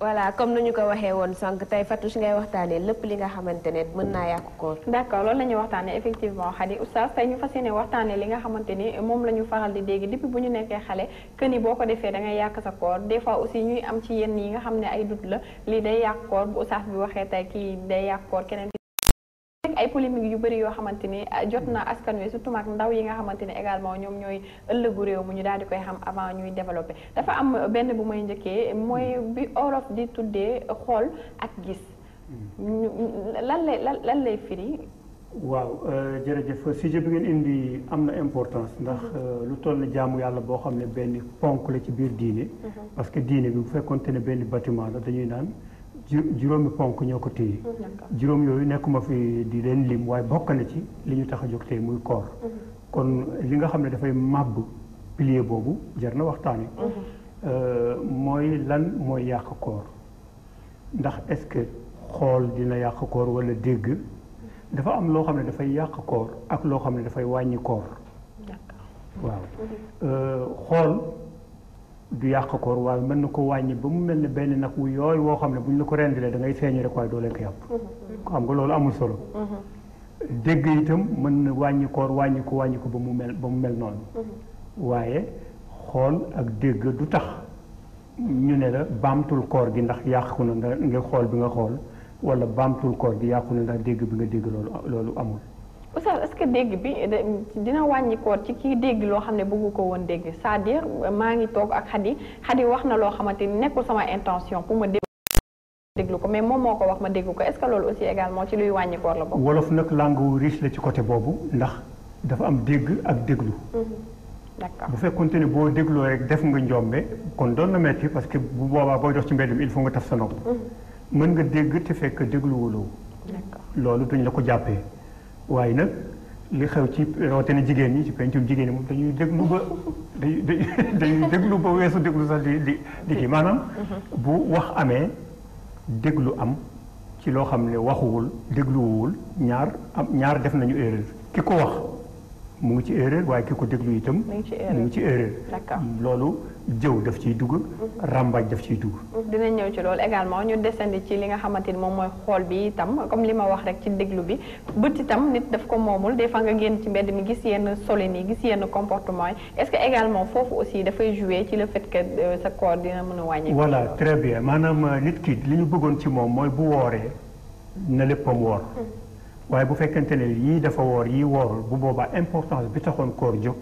voilà comme ni ñu ko waxee woon sànq tey Fatou si ngay waxtaanee lépp li nga xamante ne mën naa yàqu koor. d' accord loolu la ñuy waxtaanee effectivement xadi oustaz tey ñu fas yéene waxtaanee li nga xamante ni moom la ñu faral di dégg depuis bu ñu nekkee xale que ni boo ko defee da ngay yàq sa koor des fois aussi ñuy am ci yenn yi nga xam ne ay dut la lii day yàq koor bu oustaz bi waxee tey kii day yàq koor keneen. rek ay polémique yu bëri yoo xamante ni ah, jot na askan wi surtout maag ndaw yi nga xamante ni également ñoom ñooy ëllëgu réew mu ñu daal di koy xam avant ñuy développé dafa am benn bu may njëkkee mooy bi Europe di tuddee xool ak gis lan lay lan lay firi waaw euh, jërëjëf sujet bi ngeen indi am na importance ndax mhm. euh, lu toll na jaamu yàlla boo xam ne benn ponk la ci biir diine mhm. parce que diine bi bu fekkonte ne benn bâtiment la dañuy naan juróomi ponk ñoo ko téye juróom yooyu nekkuma fi di leen lim waaye bokk na ci li ñu tax a jóg tey muy koor mhm. kon li nga xam ne dafay màbb pilier boobu jar na waxtaan waxtaane mhm. euh, mooy lan mooy yàq koor ndax est-ce que xool dina yàq koor walla dégg dafa am loo xam ne dafay yàq koor ak loo xam ne dafay wàññi koor waaw mhm. euh, xool du yàq koor waaye mën na ko wàññi ba mu mel ne benn nag wu yooyu woo xam ne bu ñu la ko rendilee da ngay feeñu rek waaye doo leen ko yàpp mm-hmm. xam nga loolu amul solo mm-hmm. dégg itam mën na wàññi koor wàññi ko ba mu mel ba mu mel noonu mm-hmm. waaye xool ak dégg du tax ñu ne la baamtul koor gi ndax yàqu na nga xool bi nga xool wala baamtul koor gi yàqu na ndax dégg bi nga dégg loolu loolu amul Oustaz est-ce que dégg bi dina wàññikoor ci kii dégg loo xam ne bëggu ko woon dégg cest à maa ngi toog ak xaddi Xadi wax na loo xamante ni nekkul sama intention pour ma déglu ko mais moom moo ko wax ma dégg ko est-ce que loolu aussi également ci luy wàññikoor la bokk. wolof nag langue wu riche la ci côté boobu ndax dafa am dégg ak déglu. Mhm. d'accord bu fekkonte ne boo dégloo rek def nga njombe kon doon na metti parce que bu boobaa booy dox ci mbedd mi il faut nga taf sa nopp. Mhm. mën nga dégg te fekk déglu wuloo la ko jàppee. waaye nag li xew ci rawatina jigéen ñi ci pencum jigéen ñi moom dañuy déglu ba dañuy dañuy déglu ba weesu déglu sax di di di kii maanaam. bu wax amee déglu am ci loo xam ne waxuwul dégluwul ñaar am ñaar def nañu erreur ki ko wax. mu ngi ci erreur waaye ki ko déglu itam. mu ngi ci erreur mu ngi ci erreur. d'accord loolu jëw daf ciy dugg. ràmbaaj daf ciy dugg. dinañ ñëw ci loolu également ñu desandi ci li nga xamante ni moom mooy xool bi itam comme li ma wax rek ci déglu bi bët itam nit daf ko moomul des fois nga génn ci mbedd mi gis yenn solin yi gis yenn comportement yi est-ce que également foofu aussi dafay jouer ci le fait que euh, sa corps dina mën a wàññi. voilà très bien maanaam euh, nit ki li ñu bëggoon ci moom mooy bu wooree na léppam woor. Hmm. waaye bu fekkente ne yii dafa woor yii woorul bu boobaa importance bi taxoon koor jóg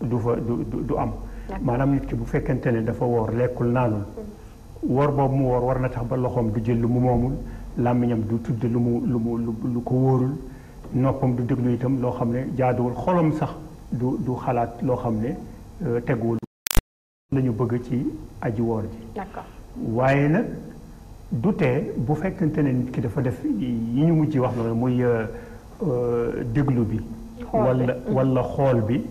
du fa du du am. maanaam nit ki bu fekkente ne dafa woor lekkul naanul. Mm-hmm. woor boobu mu woor war na tax ba loxoom du jël lu mu moomul làmmiñam du tudd lu mu lu mu lu ko wóorul noppam du déglu itam loo xam ne jaaduwul xolam sax du du xalaat loo xam ne euh, teguwul. la bëgg ci aji woor ji. waaye nag. du bu fekkente ne nit ki dafa def yi ñu mujj wax noonu muy euh, euh, déglu bi. wala mm-hmm. wala xool bi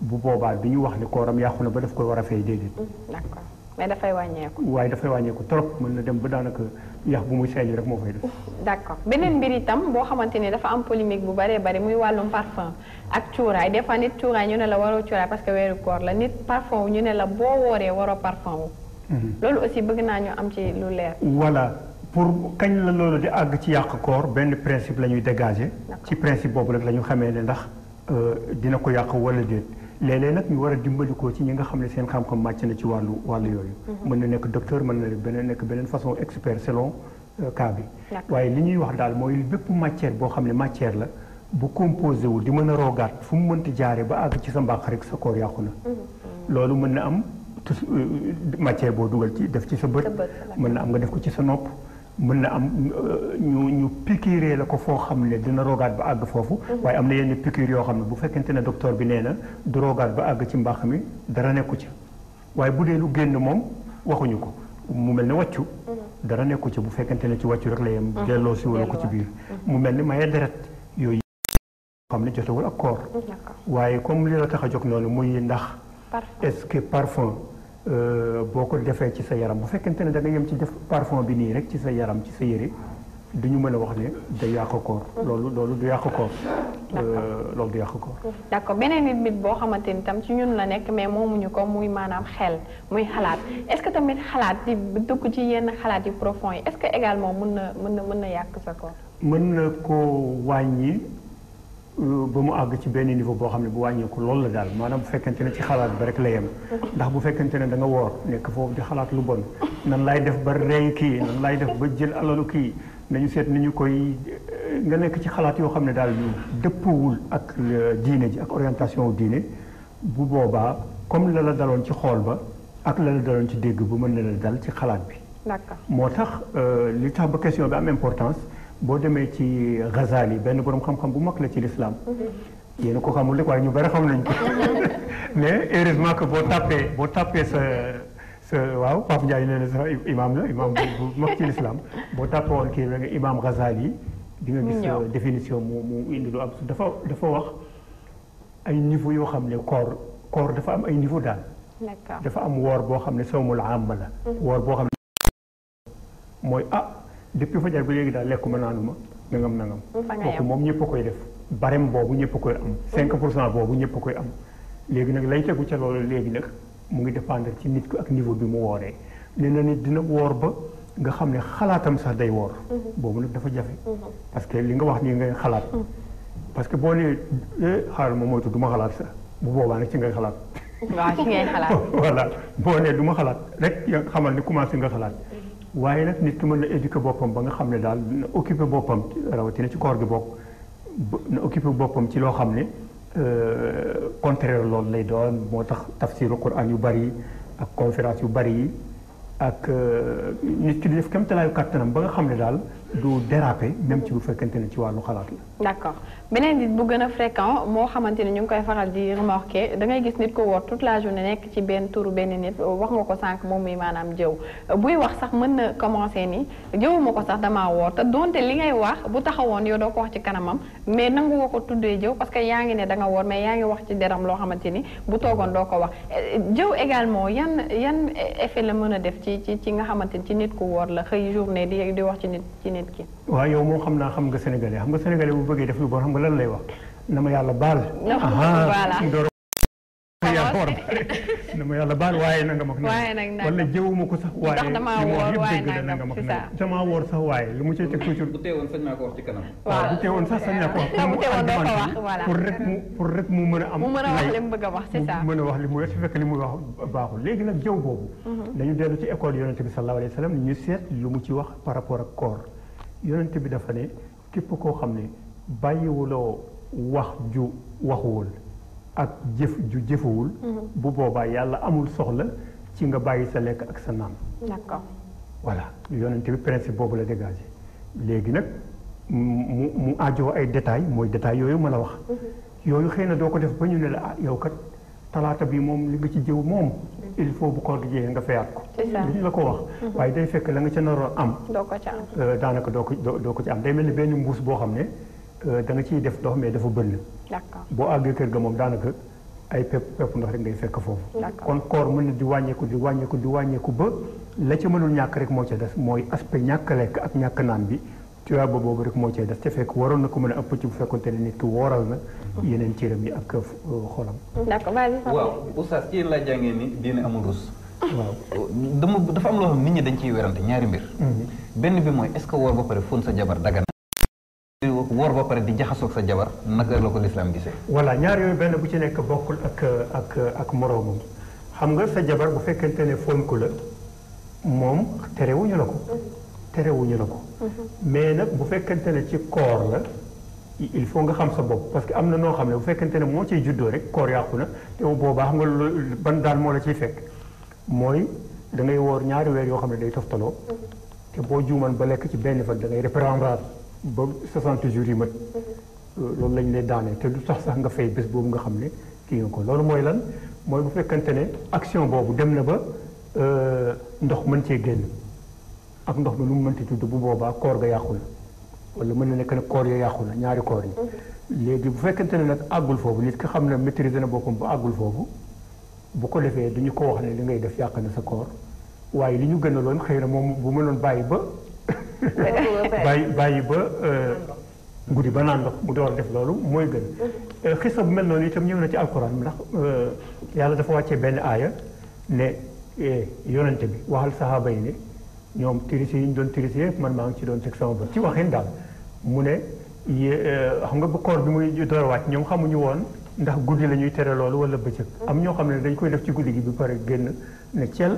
bu boobaa bi ñu wax ni kooram yàqu na ba daf koy war a fay déedéet. Mm-hmm. d'accord mais dafay wàññeeku. waaye dafay wàññeeku trop mën na dem ba daanaka yax bu muy seeñu rek moo koy def. d'accord beneen mbir itam boo xamante ne dafa am polémique bu baree bari muy wàllum parfum ak cuuraay des fois nit cuuraay ñu ne la waroo cuuraay parce que weeru koor la nit parfum wu ñu ne la b wooree waroo parfum Mhm. loolu aussi bëgg naa ñu am ci lu leer. voilà pour kañ la loolu di àgg ci yàq koor benn principe la ñuy dégager. ci principe boobu rek la ñu xamee ne ndax euh, dina ko yàq wala déet. léeg nag ñu war a dimbalikoo ci ñi nga xam ne seen xam-xam màcc na ci wàllu wàllu yooyu. Mhm. mën na nekk docteur mën na beneen nekk beneen façon expert selon euh, cas bi. waaye li ñuy wax daal mooy bépp matière boo xam ne matière la bu composé wu di mën a roogaat fu mu mënti jaaree ba àgg ci sa mbàq sa koor yàqu na. Mhm. loolu mën na am Euh, matière boo dugal ci def ci sa bët mën na am nga def ko ci sa nopp mën na am euh, ñu ñu piqûre la ko foo xam ne dina rogaat ba àgg foofu mm-hmm. waaye am na yenn piqûre yoo xam ne bu fekkente ne docteur bi nee na du rogaat ba àgg ci mbaax mi dara nekku ci waaye bu dee lu génn moom waxuñu ko mu mel ne wàccu mm-hmm. dara nekku ci bu fekkente ne ci wàccu rek la yem mm-hmm. delloo si wala ko ci biir mu mel ni maye deret yooyu xam ne jotewul ak koor comme li la tax a jóg noonu muy ndax est-ce que parfum Euh, boo ko defee ci sa yaram bu fekkente ne da nga yem ci def parfum bi nii rek ci sa yaram ci sa yére du ñu mën a wax ne da yàqu koor. loolu loolu du yàqu koor. Euh, loolu du yàq koor. d' accord beneen nit nit boo xamante ni tam ci ñun la nekk mais moomuñu ko muy maanaam xel muy xalaat est ce que tamit xalaat di dugg ci yenn xalaat yu profond yi est ce que également mën na mën na mën na yàq sa koor. mën na ko wàññi. ba mu àgg ci benn niveau boo xam ne bu wàññeeku loolu la daal maanaam bu fekkente ne ci xalaat ba rek la yem ndax bu fekkente ne danga nga woor nekk foofu di xalaat lu bon nan laay def ba rey kii nan laay def ba jël alalu kii nañu seet ni ñu koy eh, nga nekk ci xalaat yoo xam ne daal yu dëppawul ak eh, diine ji ak orientation diine bu boobaa comme la la daloon ci xool ba ak la la daloon ci dégg bu mën na la dal ci xalaat bi moo tax eh, li tax ba question bi am importance boo demee ci Ghazali benn borom xam-xam bu mag la ci lislaam yéen ko xamul rek waaye ñu bari xam nañ ko mais heureusement que boo tàppee boo tàppee sa sa waaw Pape Ndiaye nee na sa imaam la imaam bu mag ci lislaam boo tàppee woon kii rek imaam Ghazali di nga gis euh, définition mu mu indi lu dafa dafa wax ay niveau yoo xam ne koor koor dafa am ay niveau daal dafa am woor boo xam ne sawmul am la mm-hmm. woor boo xam depuis fajar bi léegi daal lekkuma naanuma nangam nangam. kooku moom ñëpp koy def. barem boobu ñëpp a koy am. 5 mhm. pour cent boobu ñëpp koy am. léegi nag lay tegu ca loolu léegi nag mu ngi dépendre ci nit ko ak niveau bi mu wooree nee na nit dina woor ba nga xam ne xalaatam sax day woor. Mhm. boobu nag dafa jafe. Mhm. parce que li nga wax nii ngay xalaat. parce que boo nee eh, xaaral moom moytu duma xalaat sax bu boobaa nag ci ngay xalaat. waaw ci boo nee du ma xalaat rek xamal ni commencé nga xalaat. waaye nag nit ki mën na éduquer boppam ba nga xam ne daal na occuper boppam rawatina ci koor gi bokk na occuper boppam ci loo xam ne euh, contraire loolu lay doon moo tax tafsiru quran yu bari ak conférence yu bari yi ak euh, nit ki di def kéemtalaayu kàttanam ba nga xam ne daal du déraper même ci bu fekkente ni ci wàllu xalaat la. d'accord beneen bi bu gën a fréquent moo xamante ni ñu ngi koy faral di remarqué da ngay gis nit ko wor toute la journée nekk ci benn turu benn nit wax nga ko sànq moom muy maanaam jëw buy wax sax mën na commencé ni jëwuma ko sax damaa woor te donte li ngay wax bu taxawoon yow doo ko wax ci kanamam mais nangu nga ko tuddee jëw parce que yaa ngi ne da nga woor mais yaa ngi wax ci deram loo xamante ni bu toogoon doo ko wax jëw également yan yan effet la mën a def ci ci ci nga xamante ni ci nit ku woor la xëy journée di di wax ci nit ci nit lan lay wax na ma yàlla baal. na ma yàlla baal waaye nanga mag na wala jëwuma ko sax waaye ndax damaa woor waaye nanga mag na damaa sax waaye lu mu cee teg toujours ah, bu teewoon sax sañ naa ko wax ci pour rek mu pour rek mu mën a am mu mën a wax li bëgg a wax c'est ça mën a wax li mu wax su fekk li muy wax baaxul léegi nag jëw boobu mm-hmm. dañu dellu ci école yonente bi sallallahu alayhi wa sallam ñu seet lu mu ci wax par rapport ak koor yonente bi dafa ne képp koo xam ne bàyyiwuloo wax ju waxuwul ak jëf ju jëfuwul. Mhm. bu boobaa yàlla amul soxla ci nga bàyyi sa lekk ak sa naan. d'accord voilà yonent bi principe boobu la dégagé léegi nag mu mu ajoo ay détails mooy détails yooyu ma la wax. Mhm. yooyu xëy na doo ko def ba ñu ne la ah yow kat talaata bi moom li nga ci jëw moom. Mhm. il faut bu ko gi jeexee nga fayaat ko. li ñu la ko wax. waaye day fekk la nga ca naroon am. doo euh, daanaka doo ko doo ko ci am day mel ni benn mbuus boo xam ne. Euh, da nga ciy def ndox mais dafa bënn boo àggee kër ga moom daanaka ay pepp pepp ndox rek ngay fekk foofu kon koor mën na di wàññeeku di wàññeeku di wàññeeku ba la ca mënul ñàkk rek moo ca des mooy aspect ñàkk lekk ak ñàkk naan bi tuyaa ba boobu rek moo cee des te waroon na ko mën a ëpp ci bu fekkonte ne nit ki na yeneen cëram yi ak euh, xolam. d'accord waaw oustaz ci laa jàngee ni diine amul rus. waaw dama dafa am loo xam nit ñi dañ ciy werante ñaari mbir. Mhm. benn bi mooy est woor ba pare fóon sa jabar dagan woor ba pare di jaxasoog sa jabar naka la ko lislaam gisee. voilà ñaar yooyu benn bu ci nekk bokkul ak ak ak moroomam xam nga sa jabar bu fekkente ne fonk la moom terewuñu la ko. terewuñu la ko. Mhm. mais nag bu fekkente ne ci koor la. il faut nga xam sa bopp parce que am na noo xam ne bu fekkente ne moo ciy juddoo rek koor yàqu na te boobaa xam nga loolu ban daan moo la ciy fekk mooy dangay woor ñaari weer yoo xam ne day toftaloo mhm. te boo juuman ba lekk ci benn fan da ngay ba 60 jours yi mat euh, loolu lañ lay daanee te du sax sax nga fay bés boobu nga xam ne kii nga ko loolu mooy lan mooy bu fekkante ne action boobu dem na ba euh, ndox mën cee génn ak ndox mi lu mu mënti tudd bu boobaa koor ga yàqu na wala mën na nekk ne koor ya yàqu na ñaari koor yi mm-hmm. léegi bu fekkente ne nag àggul foofu nit ki xam ne maîtriser na boppam bu àggul foofu bu ko defee duñu ko wax ne li ngay def yàq na sa koor waaye li ñu gën a loon xëy na moom bu mënoon bàyyi ba bàyyi bàyyi ba euh, guddi ba naan ndox mu door def loolu mooy gën euh, xisa bu mel noonu itam ñëw na ci alquran ndax euh, yàlla dafa wàccee benn aaya ne eh, yonante bi waxal saxaaba yi ne ñoom tirise yi ñu doon tirise yëpp man maa ngi ci doon teg sama bët ci waxin daal mu ne xam nga bu koor bi muy door wàcc ñoom xamuñu woon ndax guddi la ñuy tere loolu wala bëccëg am ñoo xam ne dañ koy def ci guddi gi bu pare génn ne cel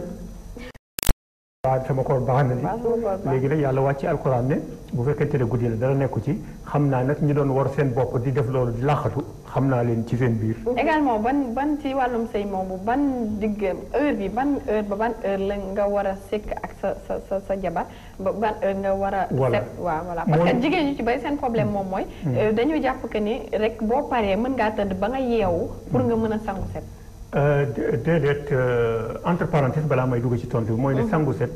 waaw sama koor baax na li léegi nag yàlla wàcc alxuraan ne bu fekkente ne guddi la dara nekku ci xam naa nag ñu doon war seen bopp di def loolu di laaxatu xam naa leen ci seen biir. également ban ban si wàllum sëy moomu ban digg heure bi ban heure ba ban heure la nga war a sekk ak sa sa sa sa jabar ba ban heure nga war a. voilà waa voilà parce que jigéen ñu ci bay seen problème moom mooy. Mm. Euh, dañuy jàpp que ni rek boo paree mën ngaa tëdd ba nga yeewu. pour nga mën a sangu set. Euh, déedéet euh, entre parenthèse balaa may dugg ci tontu bi mooy ne mm-hmm. sangu set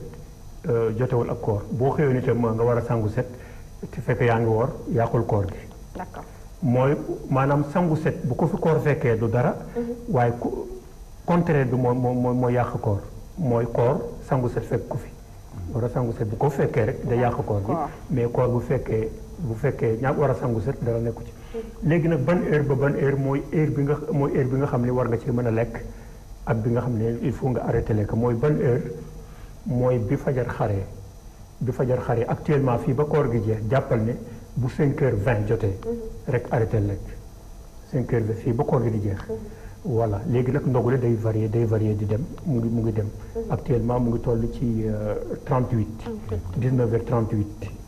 euh, jotewul ak koor boo xëyoon itam nga war a sangu set te fekk yaa ngi woor yàqul koor gi. mooy maanaam sangu set bu ko fi koor fekkee du dara. Mm-hmm. waaye ku contraire bi moo moo moo yàq koor mooy koor sangu set fekk ko fi. war a sangu set bu ko fekkee rek da yàq koor bi mais koor bu fekkee bu fekkee ña war a sangu set dara nekku ci. léegi nag ban heure ba ban heure mooy heure bi nga mooy heure bi nga xam ni war nga cee mën a lekk ak bi nga xam ne il faut nga arrêté lekk mooy ban heure mooy bi fajar xare bi fajar xare actuellement fii ba koor gi jeex jàppal ne bu cinq heures 20 jotee mhm. rek arrêté lekk 5 heures fii ba koor gi di jeex. Mhm. voilà léegi nag ndogule day varier day varier di dem mu ngi mu ngi dem. Mhm. actuellement mu ngi toll ci 38. Euh, 19 heures 38.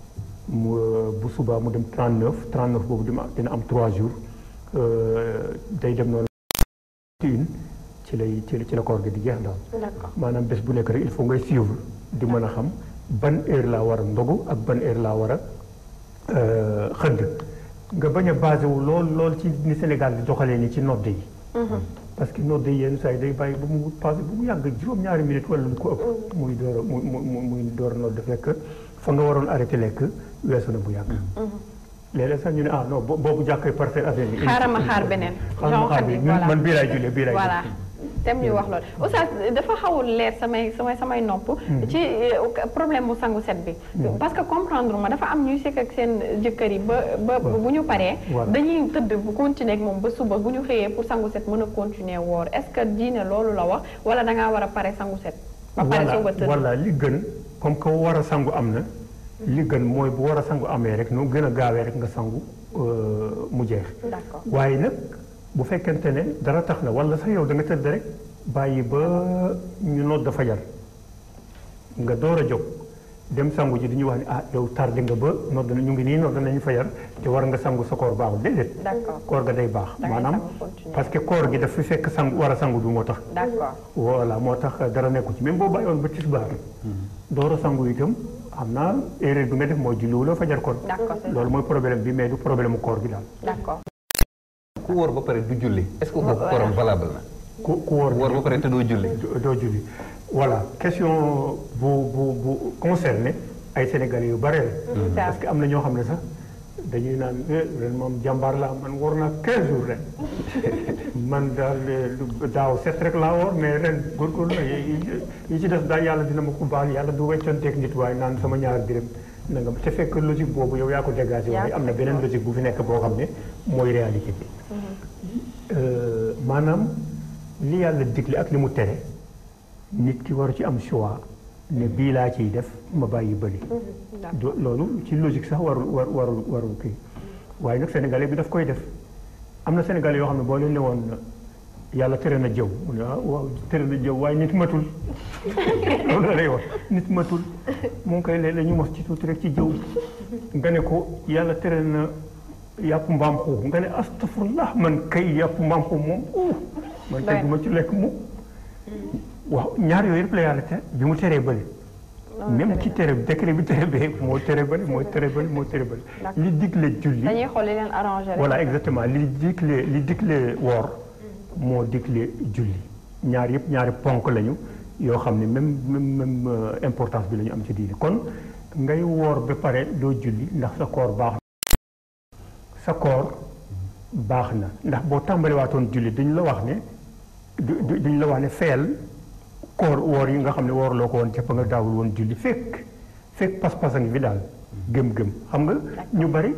mu euh, bu subaa mu dem trent trent 39 boobu dina dina am 3 jours euh, day dem noonu une ci lay ci ci la koor gi di jeex daal. maanaam bés bu nekk rek il faut ngay suivre di mën a xam ban heure laa war a ndogu ak ban heure laa wara a euh, xëdd. nga bañ a basé wu lool lool ci ni Sénégal di doxalee ni ci nodd yi. Mhm. parce que nodd yi yenn saa yi day bàyyi ba mu passé ba mu yàgg juróom-ñaari minutes wala lu ko ëpp. Mhm. muy door mu muy muy muy door a nodd fekk. fa nga waroon arrêté lekk weesu na bu yàgg. Mm-hmm. léeg-léeg sax ñu ne ah non boobu jàkkee par seen yi. xaaral ma xaar beneen. xaaral ma xaar beneen man bii laay jullee bii laay voilà tem ñu wax loolu mm-hmm. oustaz dafa xawul leer samay samay samay nopp. Mm-hmm. ci euh, problème bu sangu set bi. parce que comprendre ma dafa am ñuy sekk ak seen jëkkër yi ba ba bu ñu paree. dañuy tëdd bu continuer moom ba suba bu ñu xëyee pour sangu set mën a continuer woor est-ce que diine loolu la wax wala da ngaa a pare sangu set. a li gën. comme que war a sangu am na li gën mooy bu war a sangu amee rek noo gën a gaawee rek nga sangu euh, mu jeex waaye nag bu fekkente ne dara tax na wala sax yow danga nga tëdd rek bàyyi ba ñu nodd fajar nga door a jóg dem sangu ji dañuy wax ne ah yow tardé nga ba noor dana ñu ngi nii noor danañu fajar te war nga sangu sa koor baaxul déedéet. koor ga day baax. maanaam parce que koor gi daf fi fekk sangu war a sangu bi moo tax. d'accord moo tax dara nekku ci même boo bàyyoon ba tisbaar. Hmm. door a sangu am na erreur bi nga def mooy julliwuloo fajar kon. loolu mooy problème bi mais du problème mu koor bi daal. d'accord ku ba pare du julli. est-ce que kooku kooram valable na. ku ku wóor ba pare te doo julli. doo julli. voilà question bu bu bu concerné ay sénégalais yu bare la. Mm-hmm. parce que am na ñoo xam ne sax dañuy naan ren eh, moom jàmbaar la man war naa 15 jours ren man daal eh, daaw set rek laa war mais ren góorgóorlu na yi ci def daal yàlla dina ma ko baal yàlla du weccanteeg nit waaye naan sama ñaar dërëm na nga te fekk logique boobu yow yaa ko dégagé waaye am na beneen logique bu fi nekk boo xam ne mooy réalité bi mm-hmm. euh, maanaam li yàlla digle ak li mu tere. nit ki waru ci am choix ne bii laa ciy def ma bàyyi bëri. Mhm, loolu ci logique sax warul war warul warul kii waaye nag sénégalais bi daf koy def am na sénégalais yoo xam ne boo leen ne woon yàlla tere na jëw mu ne ah, waaye nit matul loolu nit matul moom kay léeg-léeg ñu mos ci tuuti rek ci jëw nga ne ko yàlla tere na yàpp mbaam xuux nga ne astafurlah man kay yàpp mbaam xuux moom man kay du ma ci lekk mu waaw ñaar yooyu yëpp la yàlla te bi mu teree bële. même ci tere décret bi tere bee moo tere bële moo tere bële moo tere bële. li digle julli dañuy xool li leen arrangé voilà exactement li digle li digle woor. moo digle julli ñaar yëpp ñaari ponk lañu yoo xam ne même même même euh, importance bi lañu am ci diine kon ngay woor ba pare doo julli ndax sa koor baax na. sa koor baax na ndax boo tàmbaliwaatoon julli duñ la wax ne duñ la wax ne feel. koor woor yi nga xam ne woorloo ko woon jàpp nga daawul woon julli fekk fekk pas-pas ngi fi daal gëm-gëm xam nga ñu bari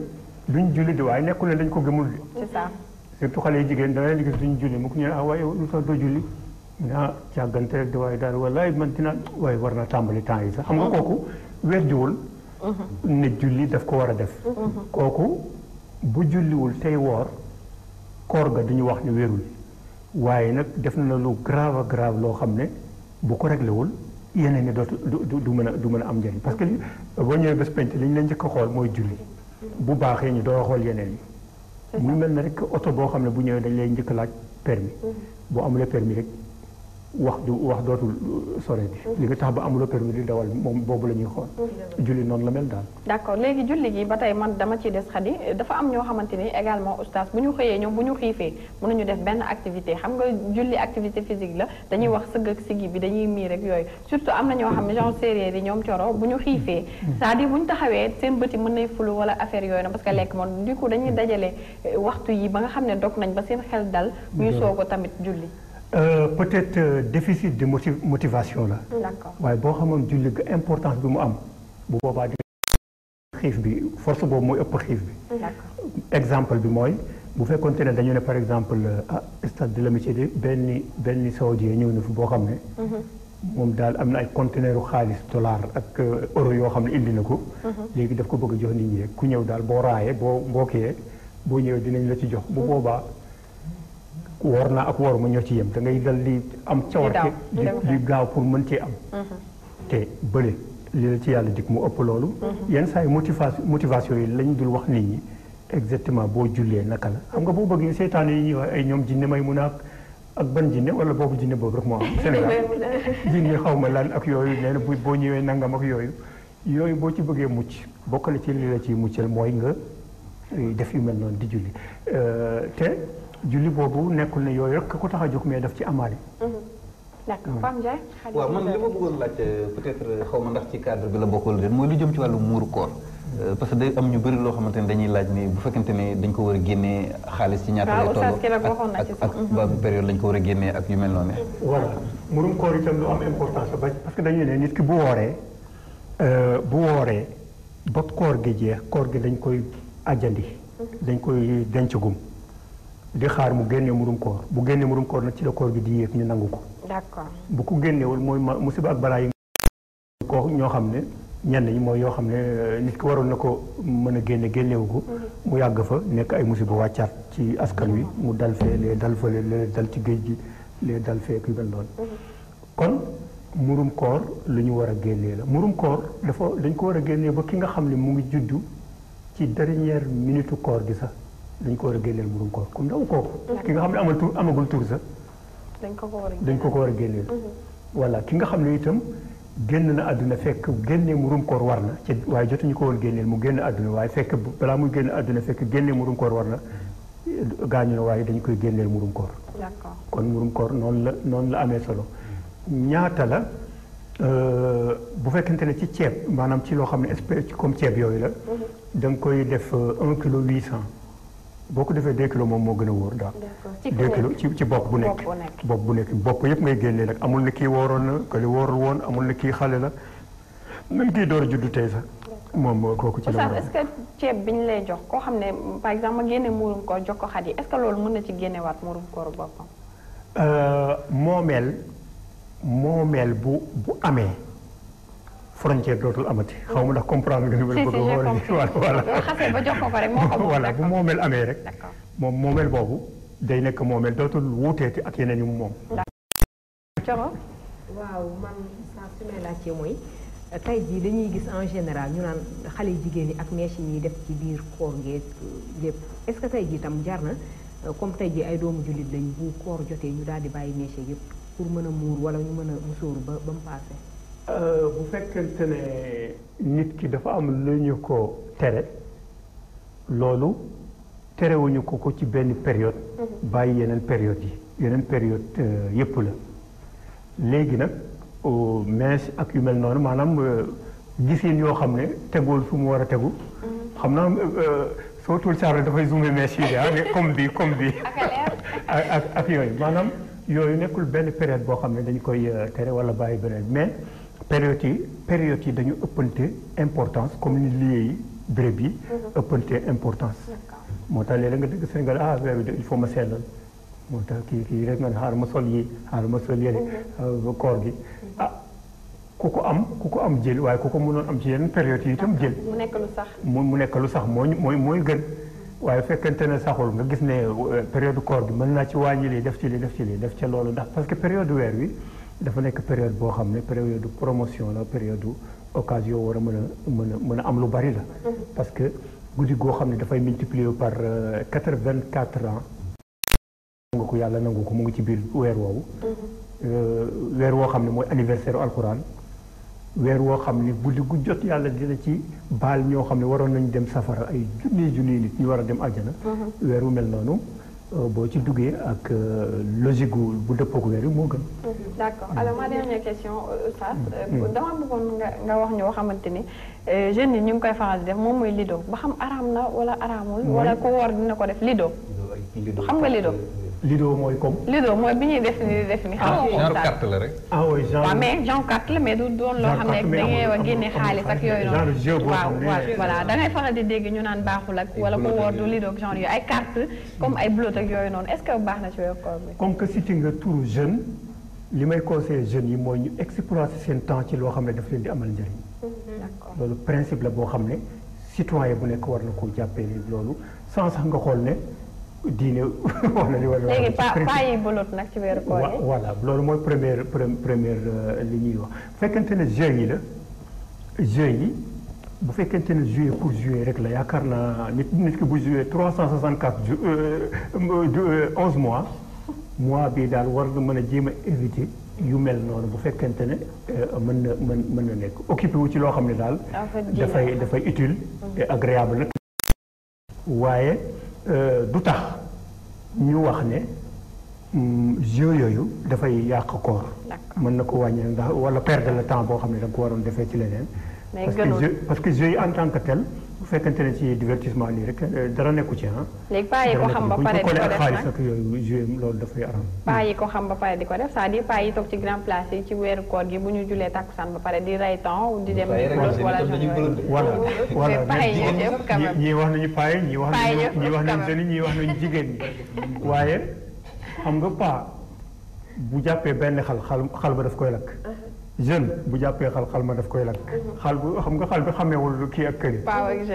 duñ julli di waaye nekkul ne dañ ko gëmul c'est ça surtout xale yi jigéen dana leen gis duñ julli mu ko ñu ne ah waaye lu tax doo julli naa ah, jàggante rek waaye daal wallaay man dinaa waaye war na tàmbali temps yi sax xam nga kooku weddiwul ne julli daf ko war a def kooku bu julliwul tey woor koor ga duñu wax ne wérul waaye nag def na lu grave grave loo xam ne bu ko réglé wul yeneen ni dootu du du mën a du mën a am njëriñ parce que boo ñëwee bés penc li ñu lay njëkk a xool mooy julli bu baaxee ñu doo xool yeneen yi. muy mel ne rek oto boo xam ne bu ñëwee dañ lay njëkk laaj permis mm-hmm. boo amulee permis rek. wax du wax dootul euh, sore bi mhm. li nga tax ba amuloo permis di dawal moom boobu la ñuy xool mhm. julli noonu la mel daal d'accord léegi julli gi ba tey man dama ciy des xadi dafa am ñoo xamante ni également oustaz bu ñu xëyee ñoom bu ñu xiifee mënuñu def benn activité xam nga julli activité physique la dañuy wax sëgg ak sigi bi dañuy miir rek yooyu surtout am na ñoo xam ne genre séeréer yi ñoom coro bu ñu xiifee mhm. c'est-à-dire bu ñu taxawee seen bëti mën nay fulu wala affaire yooyu na parce que lekk moom du coup dañuy dajale euh, waxtu yi ba nga xam ne dog nañ ba seen xel dal ñuy soog tamit julli Euh, peut-être euh, déficit de motiv motivation la. d'accord waaye boo xamoon julli ga importance bi mu am bu boobaa di xiif bi force boobu mooy ëpp xiif bi. exemple bi mooy bu fekkonte ne dañu ne par exemple ah stade de l'amitié de benn benn saoudien ñëw na fi boo xam ne. Mhm. moom daal am na ay conteneur xaalis dollar ak euro yoo xam ne indi na ko. Mhm. léegi daf ko bëgg a jox nit ñi ku ñëw daal boo raaye boo mbokkee boo ñëwee dinañ la ci jox bu mhm. boobaa. woor naa ak woor ma ñoo ci yem da ngay dal di am cawarte di gaaw pour mën cee am mhm. te bële li la ci yàlla dik mu ëpp loolu mhm. yenn saa yi motivation motivation yi lañ dul wax nit ñi exactement boo jullee naka la xam nga boo bëggee seetaan yi ñuy wax ay ñoom jinne may mun a ak ban jinne wala boobu jinne boobu rek moo am Sénégal jinne xaw ma lan ak yooyu nee bu boo ñëwee nangam ak yooyu yooyu boo ci bëggee mucc bokk la ci li la ciy muccal mooy nga eh, def yu mel noonu di julli euh, julli boobu nekkul ne yooyu rek ko tax a jóg mais daf ci amaale. Mm-hmm. d'accord mm-hmm. Pape waaw man li ma bëggoon laaj euh, peut-être euh, xaw ma ndax ci cadre bi la la ren mooy lu jëm ci wàllu muuru koor. Mm-hmm. Euh, parce que day am ñu bëri loo xamante ne dañuy laaj ni bu fekkente ne dañ ko war a génnee xaalis ci ñaata lay toll ak ak lañ ko war a génnee ak yu mel noonu. voilà murum koor itam lu am parce que dañuy ne nit wooree bu wooree ba koor gi jeex koor gi dañ koy ajandi. dañ koy dencagum. di xaar mu génnee murum koor bu génnee murum koor nag ci la koor gi di yéeg ñu nangu ko. d'accord bu ko génneewul mooy musiba ak balaa yi. ko ñoo xam ne ñenn ñi mooy yoo xam ne euh, nit ki waroon na ko mën a génne génnewu ko. Mhm. mu yàgg fa nekk ay musiba wàccaat ci askan wi mhm. mu dal fee lee dal fële dal ci géej gi lee dal fee ku mel noonu. Mhm. kon murum koor lu ñu war a génnee la murum koor dafa dañ ko war a génnee ba ki nga xam ne mu ngi juddu ci dernière minute koor gi sax. dañ ko war a génneel mburum koor kon daw kooku ki nga xam ne amal tur amagul tur sa dañ ko ko war a dañ ko ko war a génneel mhm. voilà ki nga xam ne itam génn na àdduna fekk génnee murum koor war na ci waaye jotuñu ko woon génneel mu génn àdduna waaye fekk balaa muy génn àdduna fekk génnee murum koor war na gaañu na waaye dañ koy génneel murum koor kon murum koor noonu la noonu la amee solo ñaata la euh, bu fekkente ne ci ceeb maanaam ci loo xam ne espèce comme ceeb yooyu la mhm. da koy def euh, un kilo huit cent boo ko defee 2 moom moo gën a wóor daal. deux kilos ci ci bopp bu nekk. bopp bu nekk bopp yëpp ngay génnee nag amul na kii wóoroon na kële wóorul woon amul na kii xale la même kii door a juddu tey sax. moom kooku ci la est-ce que ceeb lay jox koo xam ne par ma génne muurum koor jox ko xat yi loolu mën na ci génnewaat muurum koor boppam. Euh, moomeel moomeel bu bu amee. frontière dootul amati. xaw ma ndax comprendre nga ni ma bëgg a. si bu moomeel amee rek. moom moomeel boobu day nekk moomeel dootul wuuteeti ak yeneen yu moom. d'accord waaw man tey jii dañuy gis en général ñu naan xale jigéen ñi ak mèche yi ñuy ci biir koor geeg lépp est-ce tey jii tam euh, comme tey jii ay doomu jullit lañ daal di bàyyi mèche yëpp pour mën a muur wala ñu mën a musóoru ba ba mu paase. Euh, bu fekkente ne nit ki dafa am lu ñu ko tere loolu terewuñu ko ko ci benn période mhm. bàyyi yeneen période yi yeneen période euh, yëpp la léegi nag mince ak yu mel noonu maanaam euh, gisin yoo xam ne tegul fu mu war a tegu mhm. xam naa soo tuul saar dafay zoomé mince yi de ah, comme bi comme bi ak ak yooyu maanaam yooyu nekkul benn période boo xam ne dañ koy tere wala bàyyi beneen mais période yi période yi dañu ëppante importance comme ni lieu yi béréb yi. Mhm. ëppante importance. moo tax léeg-léeg nga dégg Sénégal ah weer bi de il faut ma sellal moo tax kii kii rek nga ne ma sol yi xaaral ma sol yële mhm. euh, koor gi mhm. ah ku ko am ku ko am jël waaye ku ko mënoon am ci yenn période yi itam jël. mu nekk lu sax mu nekk lu sax mooy mooy gën. waaye fekkente ne saxul nga gis ne euh, période koor gi mën naa ci wàññi lii def ci lii def ci lii def ca loolu ndax parce que période weer wi. dafa nekk période boo xam ne période promotion la période occasion war a mën a mën a mën a am lu bari la. Mm-hmm. parce que guddi goo xam ne dafay multiplier par quatre vingt quatre ans. nga ko yàlla nangu ko mu ngi ci biir weer woowu. Mm-hmm. Euh, weer woo xam ne mooy anniversaire alquran. weer woo xam ne guddi gu jot yàlla dina ci baal ñoo xam ne waroon nañ dem safara ay junniy junniy nit ñu war a dem àjjana. Mm-hmm. weer wu mel noonu. Euh, boo ci duggee ak euh, logique gu bu dëppoog weer moo gën. Mm-hmm. d' accord mm. alors ma dernière question euh, Oustaz. Mm. Mm. dama bëggoon nga nga wax ñu nga xamante ni jeunes yi ñu ngi koy faral def moom mooy lido ba xam araam na wala araamul. wala ku woor dina ko def lido. xam nga lido. Lido mooy comme. Lido bi ñuy def nii def nii. Ah, xam nga genre carte la rek. ah oui genre waaw mais genre carte la mais du doon loo xam ne da ngay di dégg ñu naan baaxul ak. wala ko wóor du Lido genre yooyu ay carte comme ay blotte ak yooyu noonu est-ce que baax na ci wér koor bi. comme que cité nga turu jeune li may conseillé jeunes yi mooy ñu exploiter seen temps ci loo xam ne daf leen di amal njëriñ. Mhm, loolu principe la boo xam ne citoyen bu nekk war na koo jàppee loolu sans sax nga xool ne. diine wala li wala. léegi pa pa yi bëlot nag ci weeru koor mooy première première euh, li ñuy wax fekkente ne jeux yi la jeux yi bu fekkente ne jouer pour jouer rek la yaakaar na nit nit ki bu jouer 364 ju 11 euh, euh, mois mois bi daal war na mën a jéem a éviter. yu mel noonu bu fekkente ne mën na mën mën na nekk occupé wu ci loo xam ne daal. dafay dafay utile. et mm. agréable waaye. Euh, du tax ñu wax ne mm, jeux yooyu dafay yàq koor. mën na ko wàññi ndax wala perdre le temps boo xam ne da nga ko waroon defee ci leneen. parce que jeux parce que jeux yi en tant que tel. bu fekkente ne ci divertissement nii rek euh, dara nekku ci ah. léegi paa yi ko xam ba pare di ko def nag yooyu joué loolu dafay aram. Hmm. ko xam ba pare di ko def c'est-à-dire paa yi toog ci grand place yi ci weeru koor gi bu ñu julee takkusaan ba pare di ray temps di dem. wala voilà paa yi yëpp quand wax nañu paa yi ñii wax nañu ñii wax nañu jeunes ñii wax nañu jigéen ñi waaye xam nga paa bu jàppee benn xal xal xal ba daf koy lakk. Uh-huh. jeune bu jàppee xal xal ma def koy lakk. Mhm. xal bu xam nga xal bi xameewul kii ak kër yi.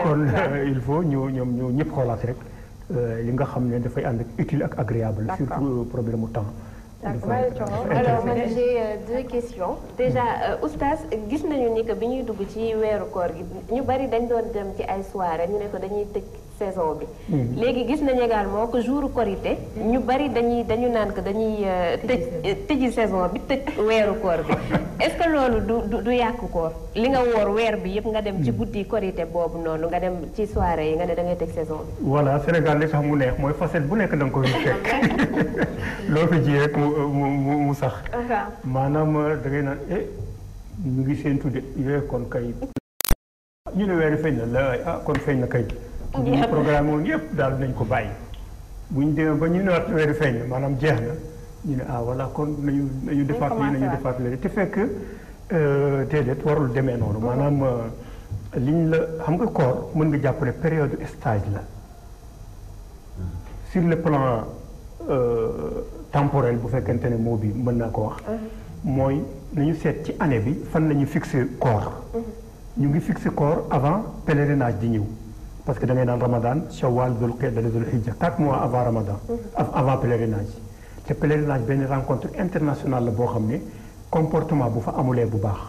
kon euh, il faut ñu ñoom ñu ñëpp xoolaat rek euh, li nga xam ne dafay ànd ak utile ak agréable. surtout euh, problème mu temps. d'accord déjà oustaz gis nañu ni que bi ñuy dugg ci weeru koor gi ñu bari dañ doon dem ci ay soirée ñu ne ko dañuy tëj. saison bi. Mm-hmm. léegi gis nañu également que jour korité ñu bari dañuy dañu naan que dañuy euh, tëj euh, tëji saison bi tëj weeru koor bi est-ce que loolu du du yàq koor li nga woor weer bi yëpp nga dem ci mm. guddi korité boobu noonu nga dem ci soirée yi nga ne da ngay tëj saison bi. voilà Sénégal li tax mu neex mooy facette bu nekk da nga koy fekk mu sax. maanaam euh, da ngay naan eh ñu ngi seen tudde yooyu kon kay. ñu ne weeri feeñ na la ah kon feeñ na kay. ñu programme woon yëpp daal nañ ko bàyyi bu ñu demee ba ñu noot weeru feeñ maanaam jeex na ñu ne ah voilà kon nañu nañu defaat lii nañu defaat lii te euh, warul demee noonu maanaam euh, liñ la xam nga koor mën nga jàpp ne période la sur le plan euh, temporel bu fekkente ne moo bi mën naa ko wax mooy nañu seet ci année bi fan la ñu fixé koor ñu ngi fixé koor avant pèlerinage di ñëw parce que da ngay naan Ramadan Shawwal Dul Qida Dul Hijja quatre mois avant Ramadan. avant pèlerinage. te pèlerinage benn rencontre internationale la boo xam ni comportement bu fa amulee bu baax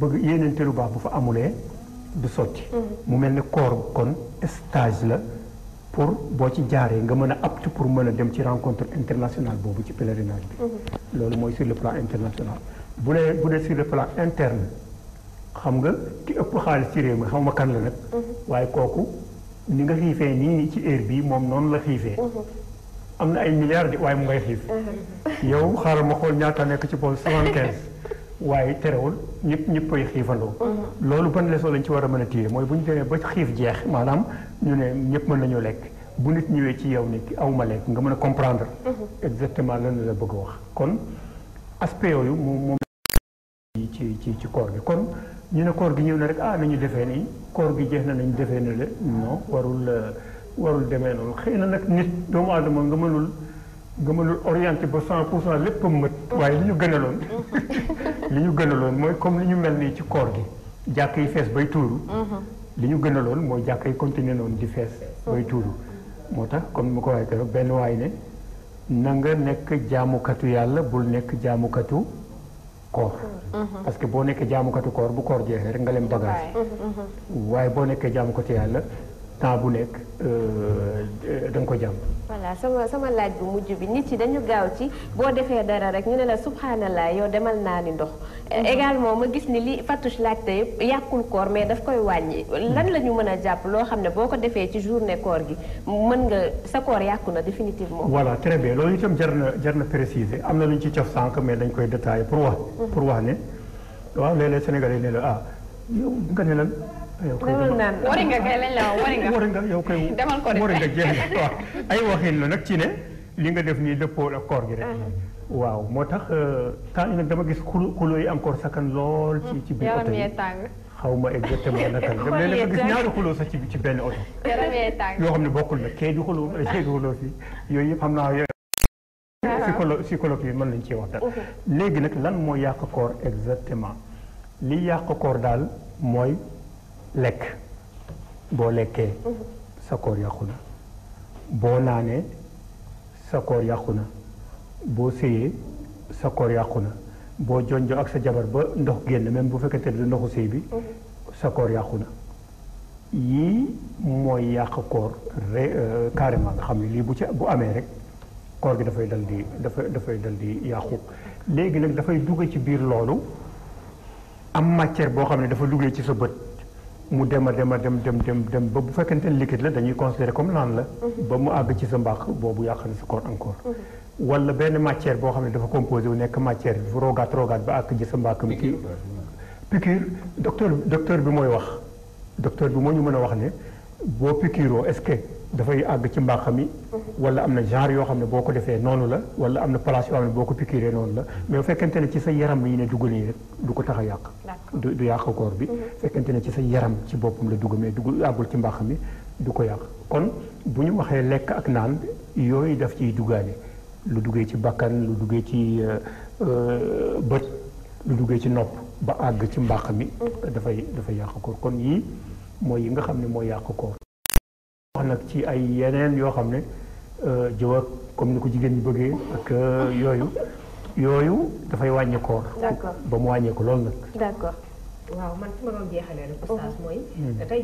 bëgg yéeneente lu baax bu fa amulee du sotti. Mm-hmm. mu mel ni koor kon stage la pour boo ci jaaree nga mën a apte pour mën a dem ci rencontre internationale boobu ci pèlerinage bi. Mm-hmm. loolu mooy sur le plan international. bu dee bu dee sur le plan interne xam nga ëpp xaalis ci réew mi xamuma kan la nag. Mm-hmm. ni nga xiifee nii ci heure bii moom noonu la xiifee. Mhm. am na ay milliards de waaye mu ngay xiif. Mhm. yow xaaral ma xool ñaata nekk ci poche soixante waaye terewul ñëpp ñëppay xiifandoo. Mhm. loolu ban leçon lañ ci war a mën a téye mooy bu ñu demee ba xiif jeex maanaam ñu ne ñëpp mën nañu lekk bu nit ñëwee ci yow ni aw ma lekk nga mën a comprendre. exactement lan la bëgg wax kon aspect yooyu moom moom ci ci ci koor bi kon. ñu ne koor gi ñëw na rek ah ñu defee nii koor gi jeex na nañu defee ni le moo warul euh, warul demee noonu xëy na nag nit doomu aadama nga mënul nga mënul orienté ba cent pour cent lépp a mët waaye li ñu gënaloon li ñu gënaloon mooy comme li ñu mel nii ci koor gi jàkk yi fees bay tuuru mhm. li ñu gënaloon mooy jàkk yi continué noonu di fees bay tuuru moo tax comme ma ko waxee keroog benn waay ne na nga nekk jaamukatu yàlla bul nekk jaamukatu koor mhm. parce que boo nekkee jaamukatu koor bu koor jeexee rek nga leen bagage waaye boo nekkee jaamukatu yàlla temps bu nekk euh, euh, da nga ko jàmm. voilà sama sama laaj bu mujj bi nit yi dañu gaaw ci boo defee dara rek ñu ne la subhanallah yow demal naa ni ndox. Mhm. également ma gis ni li Fatouche laajte yëpp yàqul koor mais daf koy wàññi. Mhm. lan la ñu mën a jàpp loo xam ne boo ko defee ci journée koor gi mën nga sa koor yàqu na définitivement. voilà très bien loolu itam jar na jar na préciser am na luñ ñu ci cof sànq mais dañ koy détaillé pour wax. Mhm. pour wax ne waaw léeg yow kay wari la wari nga yow kay demal ko wari waaw ay waxin la nag ci ne li nga def nii dëppoo ak koor gi rek waaw moo tax temps yi nag dama gis xulu xuloo yi encore sakkan lool ci ci biir oto yi xaw ma exactement naka la dem léeg gis ñaari xuloo sax ci ci benn oto yoo xam ne bokkul nag kee di xuloo kee di xuloo yooyu yëpp xam naa psychologue psychologue yi mën nañ ci wax dara léegi nag lan mooy yàq koor exactement li yàq koor daal mooy lekk boo lekkee sa koor yàqu na boo naanee sa koor yàqu na boo séyee sa koor yàqu na boo jonjo ak sa jabar ba ndox génn même bu fekkente ne du ndoxu séy bi sa koor yàqu na yii mooy yàq koor re euh, carrément nga xam ne lii bu ci bu amee rek koor gi dafay dal di dafay dafay dal di yàqu léegi nag dafay dugg ci biir loolu am matière boo xam ne dafa duggee ci sa bët mu dem a dem dem dem dem dem ba bu fekkente ne liquide la dañuy considéré comme lan la. Mhm. ba mu àgg ci sa mbaax boobu yàqal si corps encore. Mhm. wala benn matière boo xam ne dafa composé wu nekk matière bu rogaat rogaat ba àgg ci sa mbaax. piqûre piqûre docteur docteur bi mooy wax docteur bi moo ñu mën a wax ne boo piqûroo est-ce que. dafay àgg ci mbàq mi mhm. wala am na genre yoo xam ne boo ko defee noonu la wala am na place yoo xam ne boo ko piqûree noonu la mais bu fekkente ne ci sa yaram la ñu ne dugal yi rek du ko tax a yàq du yàq koor bi mhm. fekkente ne ci sa yaram ci boppam la dugg mais dugg àggul ci mbàq mi du ko yàq kon bu ñu waxee lekk ak naan yooyu daf ciy duggaale lu duggee ci bakkan lu duggee ci euh, euh, bët lu duggee ci nopp ba àgg ci mbàq mi mhm. dafay dafay yàq kon yii mooy yi nga xam ne mooy yàq koor wax nag ci ay yeneen yoo xam ne euh, jëw ak comme ni ko jigéen ñi bëggee euh, yooyu yooyu dafay wàññi koor. ba mu wàññeeku loolu nag. d'accord waaw man fi ma doon jeexalee rek. Mhm. mooy. Mhm. tey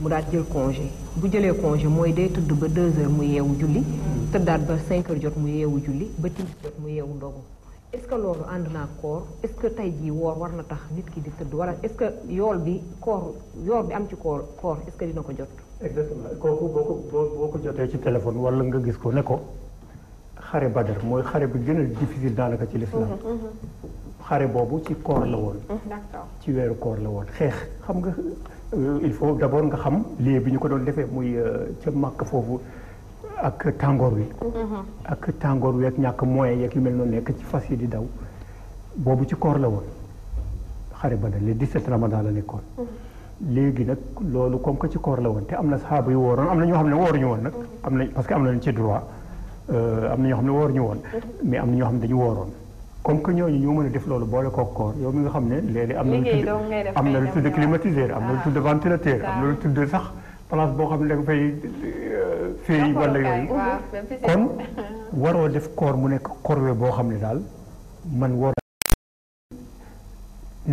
mu daal jël congé. bu jëlee congé mooy day tudd ba 2 mu yeewu julli. Mhm. tëddaat ba 5 jot mu yeewu julli ba timis jot mu yeewu ndogu. est-ce que loolu ànd naa koor est-ce que tey jii woor war na tax nit ki di tëdd wala est-ce que yool bi koor yool bi am ci koor koor est-ce que dina ko jot. exactement kooku boo ko boo ko jotee ci téléphone walla nga gis ko ne ko xare badar mooy xare bi gën a difficile daanaka ci l'islam mhm, mhm. xare boobu ci koor la woon. Mhm, ci weeru koor la woon xeex xam nga euh, il faut d'abord nga xam lieu bi ñu ko doon defee muy euh, ca Makka foofu. ak tàngoor wi. Mhm. ak tàngoor wi ak ñàkk moyen yeeg mel noonu nekk ci fas yi di daw boobu ci koor la woon xare Badar le 17 Ramadan la nekkoon. Mhm. léegi nag loolu comme que ci koor la woon te am na saxaaba yu wooroon am na ñoo xam ne wooruñu woon nag. Mhm. am na parce que am nañ ci droit euh, am na ñoo xam ne wooruñu woon. mais am na ñoo xam ne dañu wooroon. comme que ñooñu ñoo mën a def loolu boole kook koor yow mi nga xam ne léegi am na lu tudd am am na lu tudd ventilateur am na lu ah. tudd sax place boo xam ne danga fee wala yooyu kon waroo def koor mu nekk korwe boo xam ne daal man war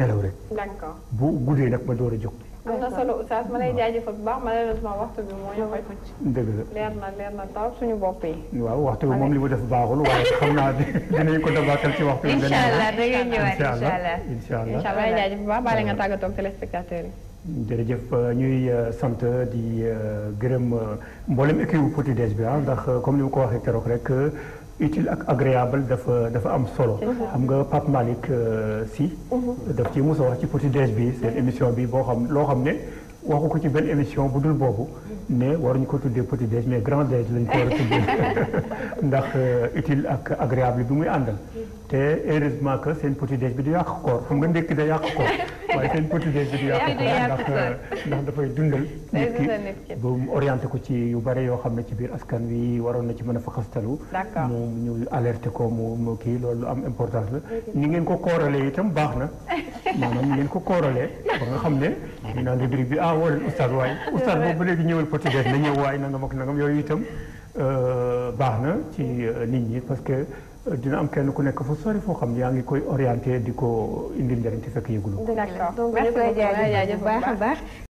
nelaw rek bu guddee nag ma door a jóg am na solo oustaz ma lay jaajëfal bu baax malheureusement waxtu bi moo ñu koy xëcc. dëgg la leer na leer na taw suñu bopp yi. waaw waxtu bi moom li mu def baaxul waaye xam naa dinañ ko dabaatal ci waxtu bi. incha allah da ngay ñëwaat incha allah incha allah incha allah jaajëf bu baax baale nga tàggatoo ak téléspectateurs yi. jërëjëf ñuy euh, sant di euh, gërëm euh, mboolem équipe Petit-Déj bi ah, ndax comme ni ma ko waxee keroog rek utile ak agréable dafa dafa am solo. xam nga Pape Malick Sy. Mhm. daf ci mos a wax ci Petit-Déj bi seen émission bi boo xam loo xam ne. waxu ko ci benn émission bu dul boobu ne waruñu ko tuddee petit déj mais grand déj lañ ko war a tuddee ndax euh, utile ak agréable bi muy àndal te heureusement que seen petit déj bi du yàq koor xam nga ndékki da yàq koor waaye seen petit déj bi du yàq koor ndax euh, ndax dafay dundal nit ki bu mu orienté ko ci yu bare yoo xam ne ci biir askan wi waroon na ci mën a faxastalu mu ñu alerté ko mu mu kii loolu am importance la ni ngeen ko koorale itam baax na woo leen oustaz waay oustaz boobu ba léegi ñëwal portugais na ñëw waay nangam ak nangam yooyu itam euh, baax na ci euh, nit ñi parce que euh, dina am kenn ku nekk fu sori foo xam yaa ngi koy orienté di ko indil njëriñ te fekk